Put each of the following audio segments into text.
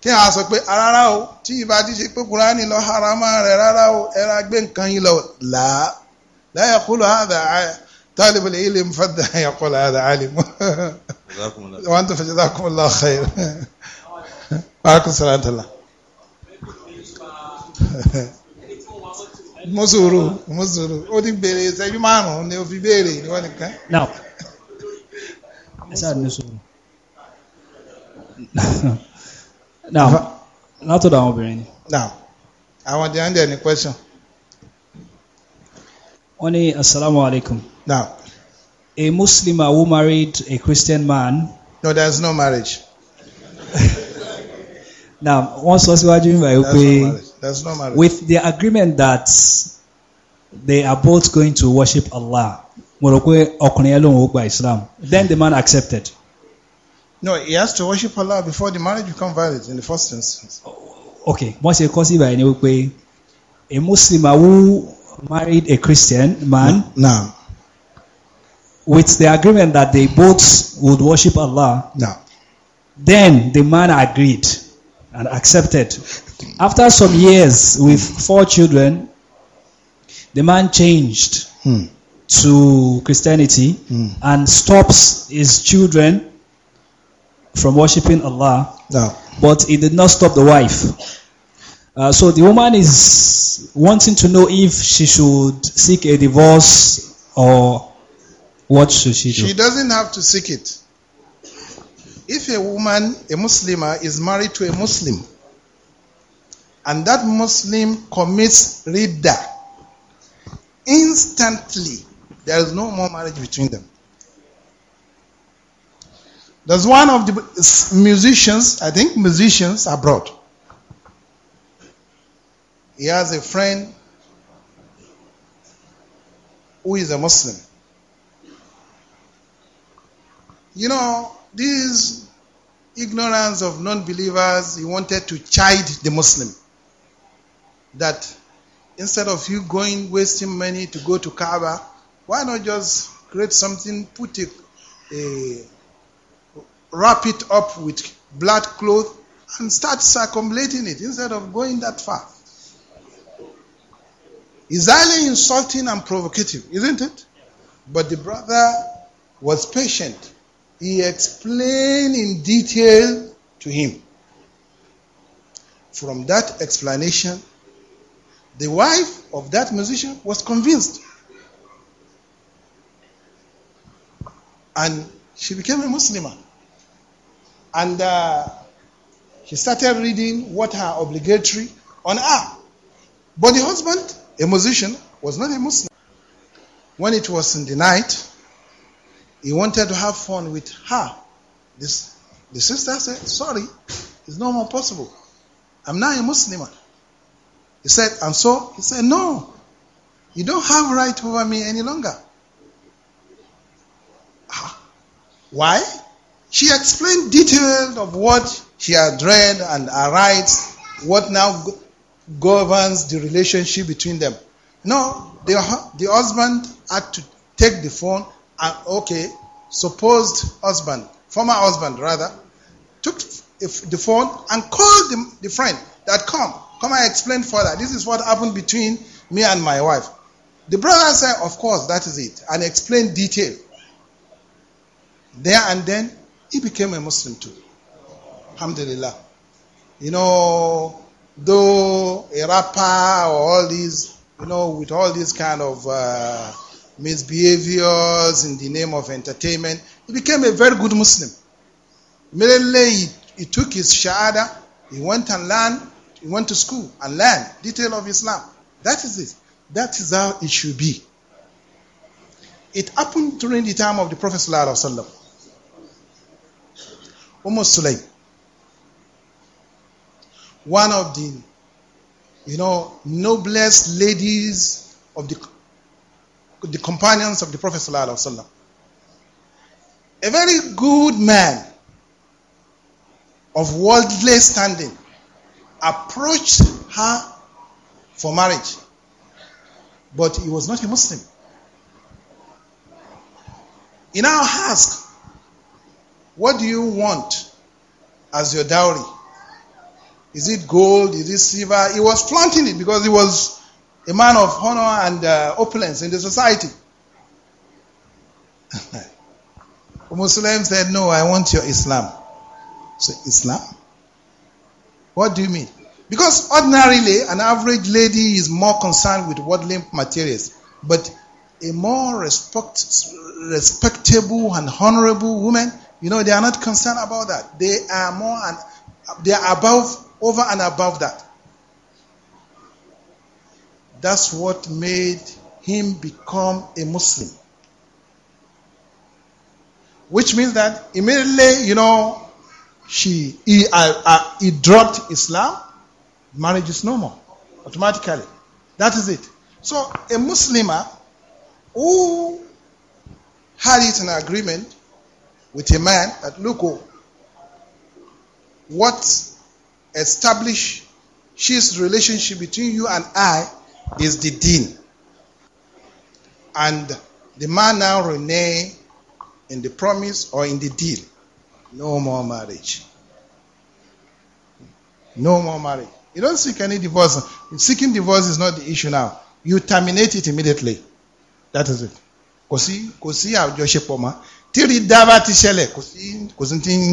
tí a sọ pé rárá o tí ìbá ti ṣe pé kúránì lọ harama rẹ rárá o ẹra gbé nǹkan yìí lọ làá láyà kúlò àdà tálíbù lè ilé mufadà yà kúlò àdà àlìmú wọn tó fẹjọ dákúmọ lọ xeyr wàhálà sàlátàlá. mùsùlùmù mùsùlùmù ó ti béèrè ìṣẹ́jú márùn ni ó fi béèrè ni wọ́n nìkan. now ẹ sáà ní sùúrù now látọ̀dọ̀ àwọn obìnrin ni. now want to answer any question. Oni assalamu alaikum. now a Muslim who married a Christian man. no there's no marriage. now wọ́n sọ síwájú nígbà yìí pé. there no marriage. with the agreement that they are both going to worship Allah mo rò pé ọkùnrin yẹn Islam then the man accepted. No, he has to worship Allah before the marriage become valid in the first instance. Okay, what's ṣe kọ́ by ni a Muslim who married a Christian man no. with the agreement that they both would worship Allah. No. Then the man agreed and accepted. After some years with four children, the man changed hmm. to Christianity hmm. and stops his children from worshipping Allah. No. But it did not stop the wife. Uh, so the woman is wanting to know if she should seek a divorce or what should she do? She doesn't have to seek it. If a woman, a Muslimah, is married to a Muslim, and that Muslim commits ridda, instantly there is no more marriage between them. There's one of the musicians, I think musicians abroad. He has a friend who is a Muslim. You know, this ignorance of non believers, he wanted to chide the Muslim. That instead of you going wasting money to go to Kaaba, why not just create something, put a, a wrap it up with blood cloth and start circumlating it instead of going that far. It's highly insulting and provocative, isn't it? But the brother was patient. He explained in detail to him. From that explanation, the wife of that musician was convinced. And she became a Muslimah. And uh, he started reading what are obligatory on her. But the husband, a musician, was not a Muslim. When it was in the night, he wanted to have fun with her. This, the sister said, Sorry, it's no more possible. I'm not a Muslim. He said, And so he said, No, you don't have right over me any longer. Ah, why? She explained details of what she had read and her rights, what now go governs the relationship between them. No, the, the husband had to take the phone and, okay, supposed husband, former husband rather, took the phone and called the, the friend that come, come and explain further. This is what happened between me and my wife. The brother said, Of course, that is it, and explained detail. There and then, he became a Muslim too. Alhamdulillah. You know, though a rapper or all these, you know, with all these kind of uh, misbehaviors in the name of entertainment, he became a very good Muslim. Immediately he, he took his shahada, he went and learned, he went to school and learned detail of Islam. That is it. That is how it should be. It happened during the time of the Prophet Sallallahu Alaihi Wasallam. Umm Sulaim, one of the you know noblest ladies of the the companions of the Prophet sallallahu alaihi wasallam, a very good man of worldly standing, approached her for marriage, but he was not a Muslim. He now asked What do you want as your dowry? Is it gold? Is it silver? He was flaunting it because he was a man of honor and uh, opulence in the society. the Muslim said, No, I want your Islam. So, Islam? What do you mean? Because ordinarily, an average lady is more concerned with worldly materials, but a more respect, respectable and honorable woman You know, they are not concerned about that. They are more and they are above, over and above that. That's what made him become a Muslim. Which means that immediately, you know, she he, uh, uh, he dropped Islam, marriage is no more automatically. That is it. So a Muslimah who had it in agreement with a man that look oh, what establish she's relationship between you and I is the deen. And the man now renege in the promise or in the deal. No more marriage. No more marriage. You don't seek any divorce. Seeking divorce is not the issue now. You terminate it immediately. That is it. Kosi, Kosi, kò sí àjọṣepọ̀ tíri dá bá ti ṣẹlẹ̀ kò sí ti ń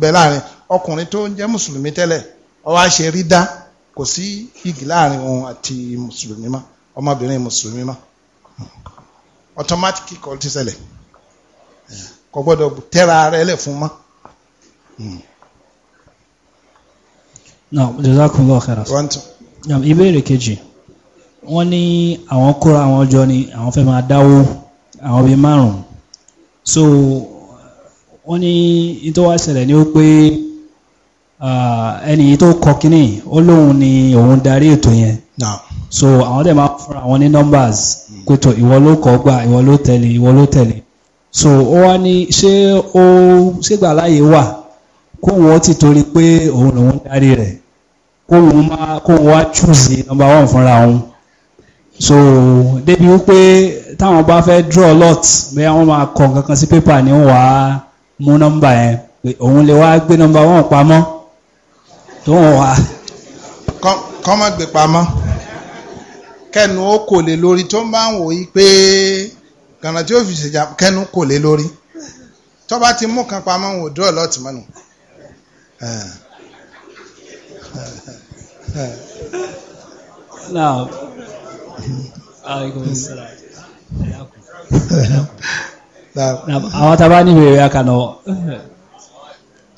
bẹ láàrin ọkùnrin tó ń jẹ́ mùsùlùmí tẹ́lẹ̀ ó wá ṣe rí dá kò sí igi láàrin òun àti mùsùlùmí mọ́ ọmọbìnrin mùsùlùmí mọ́ automatic kọ́ ti ṣẹlẹ̀ kò gbọ́dọ̀ tẹ́ra ara ẹlẹ̀ fún mọ́. náà jazakumullahu khairan. ìbéèrè kejì wọ́n ní àwọn kóra àwọn jọ ni àwọn fẹ́ máa dáwó àwọn bíi márùn-ún so wọ́n ní tó wá ṣẹlẹ̀ ni ó pé ẹni tó kọ kínní ó lóun ni òun darí ètò yẹn so àwọn dẹ̀ máa fún àwọn ní numbers pé tó ìwọ ló kọ́ gbà ìwọ ló tẹ̀lé ìwọ ló tẹ̀lé so ó wá ní ṣé ó ṣégbà láàyè wà kóun ó ti torí pé òun lòun darí rẹ̀ kóun wá choose number one fúnra òun so débi wípé táwọn bá fẹ́ draw lot bẹ́ẹ̀ wọ́n máa kọ nǹkan kan sí pépà ní wà á mú nọ́mbà yẹn òun lè wá gbé nọ́mbà wọn pamọ́ tó wọn wà. kọ́ má gbé pamọ́ kẹnu ó kò lè lórí tó ń bá ń wò yí pé gànà tí ó fi ṣèjà kẹnu kò lè lórí tó bá ti mú kan pamọ́ wò draw lot mọ́nu. now Ah, hmm. àwọn tá a bá ní ìbéèrè akànà.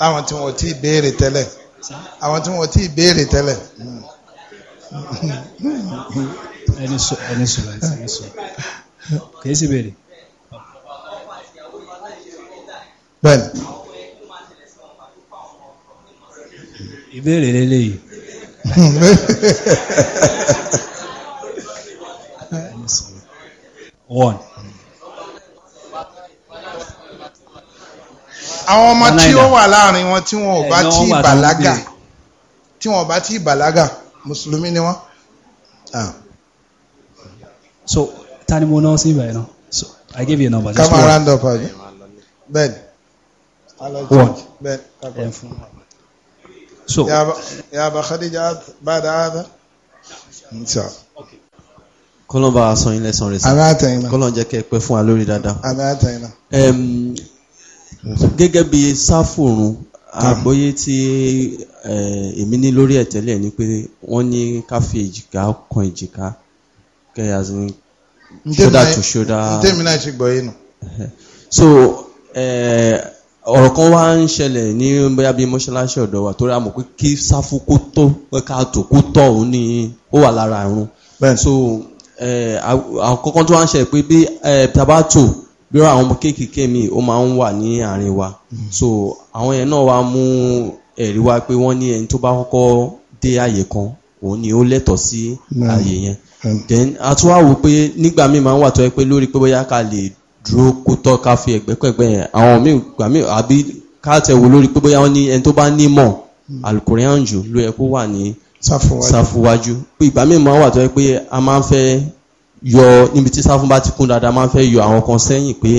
àwọn tí wọn ò tí ì béèrè tẹ́lẹ̀ àwọn tí wọn ò tí ì béèrè tẹ́lẹ̀. ẹni sọ ẹni sọ ẹni sọ kì í sì béèrè. bẹ́ẹ̀ni. ìbéèrè lélẹ́yìí. one. àwọn ọmọ tí ó wà láàrin wọn tí wọn ò eh, bá tí ì bàlágà tí wọn ò bá tí ì bàlágà mùsùlùmí ni wọn. Ah. so ta ni mo náà sí ibà náà so I give you a number. kama round up abi bẹ́ẹ̀ni. one bẹ́ẹ̀ni. so. yaaba yaaba Khadija baada ada. Okay kọ́lọ́n bá aṣọ yín lẹ́sàn rẹ̀ sí kọ́lọ́n jẹ́ kẹ́ pẹ́ fún wa lórí dáadáa. gẹ́gẹ́ bí sáfòrún àgbóyé tí èmi ní lórí ẹ̀tẹ́lẹ̀ ni pé wọ́n ní ká fi èjìká kan èjìká kẹ́yà sí ṣódà tó ṣódà. so ọ̀rọ̀ kan wá ń ṣẹlẹ̀ ní bóyá bíi mọ́ṣáláṣí ọ̀dọ̀ wa torí a mọ̀ pé kí sáfù kó tó ká tó kó tọ̀ òun ni ó wà lára àrùn. so Eh, àkọ́kọ́ tó wá ń ṣe pé bí eh, tabato bí wọ́n àwọn kéékèèké mi ó máa ń wà ní àárín wa hmm. so àwọn yẹn náà wá mú ẹ̀rí wá pé wọ́n ní ẹni tó bá kọ́kọ́ dé àyè kan òun ni ó lẹ́tọ̀ọ́ sí àyè yẹn hmm. then a tún wá wò pé nígbà míì máa ń wà tó yẹ pé lórí pé bóyá ká lè dúró kó tọ́ ká fi ẹ̀gbẹ́kẹ̀gbẹ́ yẹn àwọn míì gbà míì àbí ká tẹ̀ lórí pé bóyá wọ́n ní ẹni tó bá nímọ̀ hmm. alukóríyànjú ló yẹ kó wà ní sáfúwájú pé ìgbà míì máa wà tó yẹ pé a máa ń fẹ́ yọ níbi tí sáfún bá ti kún dáadáa máa fẹ́ yọ àwọn kan sẹ́yìn pé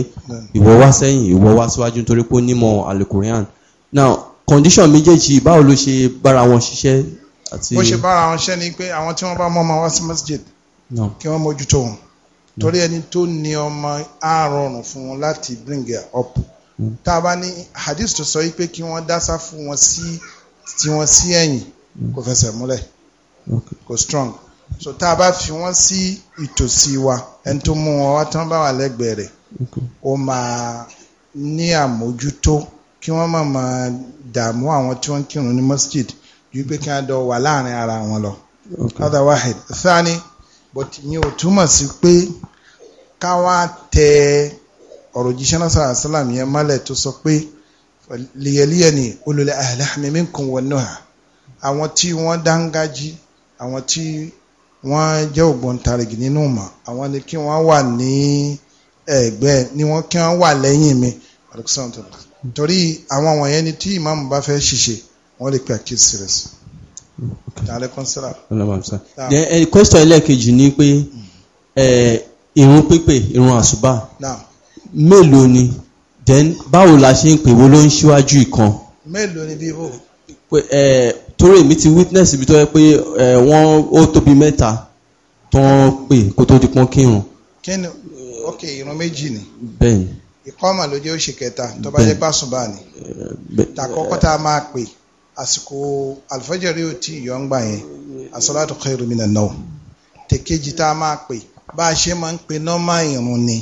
ìwọ wá sẹ́yìn ìwọ wá síwájú nítorí pé ó nímọ̀ alukurian now condition méjèèjì báwo ló ṣe bára wọn ṣiṣẹ́ àti. bó ṣe bára wọn ṣiṣẹ́ ni pé àwọn tí wọ́n bá mọ́ ọmọ wá sí masjid kí wọ́n mójútó wọn torí ẹni tó ní ọmọ á fún wọn láti bring it up mm. tá a bá ní hadith tó sọ yìí pé kí wọ́n dá sáfún wọn sí tiwọn sí ẹ̀yìn kò fẹsẹ̀ múlẹ̀ kò strong so tá a bá fi wọ́n sí ìtòsí wa ẹni tó mú wọn wá tán bá wà lẹ́gbẹ̀ẹ́ rẹ̀ ó máa ní àmójútó kí wọ́n má máa dààmú àwọn tí wọ́n kírun ní masjid ju pé kí wọ́n dọ̀ wà láàrin ara wọn lọ. ọ̀dà wahid thani but mi ò túmọ̀ sí pé ká wá tẹ ọ̀rọ̀ jíṣẹ́ náà sọ̀rọ̀ àṣàlàmì yẹn mọ́lẹ̀ tó sọ pé liyaliyani ulul ahlahmi minkum wan nuha àwọn tí wọ́n dángájí àwọn tí wọ́n jẹ́ ògbóǹtarìgì nínú ìmọ̀ àwọn ni kí wọ́n wà ní ẹ̀gbẹ́ ni wọ́n kí wọ́n wà lẹ́yìn mi torí àwọn wọ̀nyẹn ni tí ìmáàmù bá fẹ́ ṣiṣẹ́ wọ́n lè pe àkíyèsí rẹ̀ sí. Eh, question ẹlẹ́ẹ̀kejì ni pé ìrun hmm. eh, pípè ìrun àṣùbà mélòó ni then báwo la ṣe ń pè wo ló ń ṣíwájú ìkan. mélòó ni bí o torí èmi ti witness ibi tó yẹ pé eh, wọ́n ó tóbi mẹ́ta tó ń pè kó tó di pọ́n kírun. kí ni ok irun méjì ni. bẹ́ẹ̀ni. ìkọ́mà ló jẹ́ òṣì kẹta tó bá jẹ́ pàṣùbà ni. Eh, tàkọ́kọ́ tá a máa pè àsìkò àlùfájàrí ò tí ì yọ ń gbà yẹn as-salatu khairu minan nawm tèkejì tá a máa pè bá a ṣe máa ń pe nọ́mà irun ni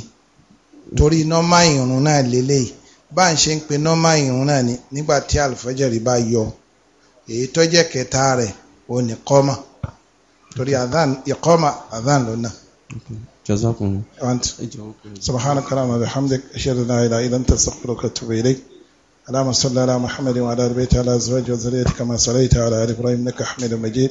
torí nọ́mà irun náà lélẹ́yìí bá a ṣe ń pe nọ́mà irun náà ni nígbà tí àlùfájàrí bá yọ èyí tó jẹ́ kẹta rẹ̀ ò ní kọ́mà torí adhan ìkọ́mà adhan ló náà. جزاكم وانت سبحانك اللهم وبحمدك اشهد ان لا إله إلا انت استغفرك واتوب اليك اللهم صل على محمد وعلى ال بيته على ازواجه وذريته كما صليت على ال ابراهيم انك حميد مجيد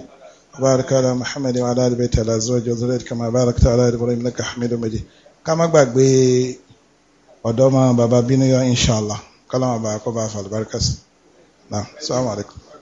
وبارك على محمد وعلى ال بيته على ازواجه وذريته كما باركت على ال ابراهيم انك حميد مجيد كما gbàgbé بي ma bàbá bínú إن شاء الله bàbá kọ́ bá fà lùbáríkà sí. naam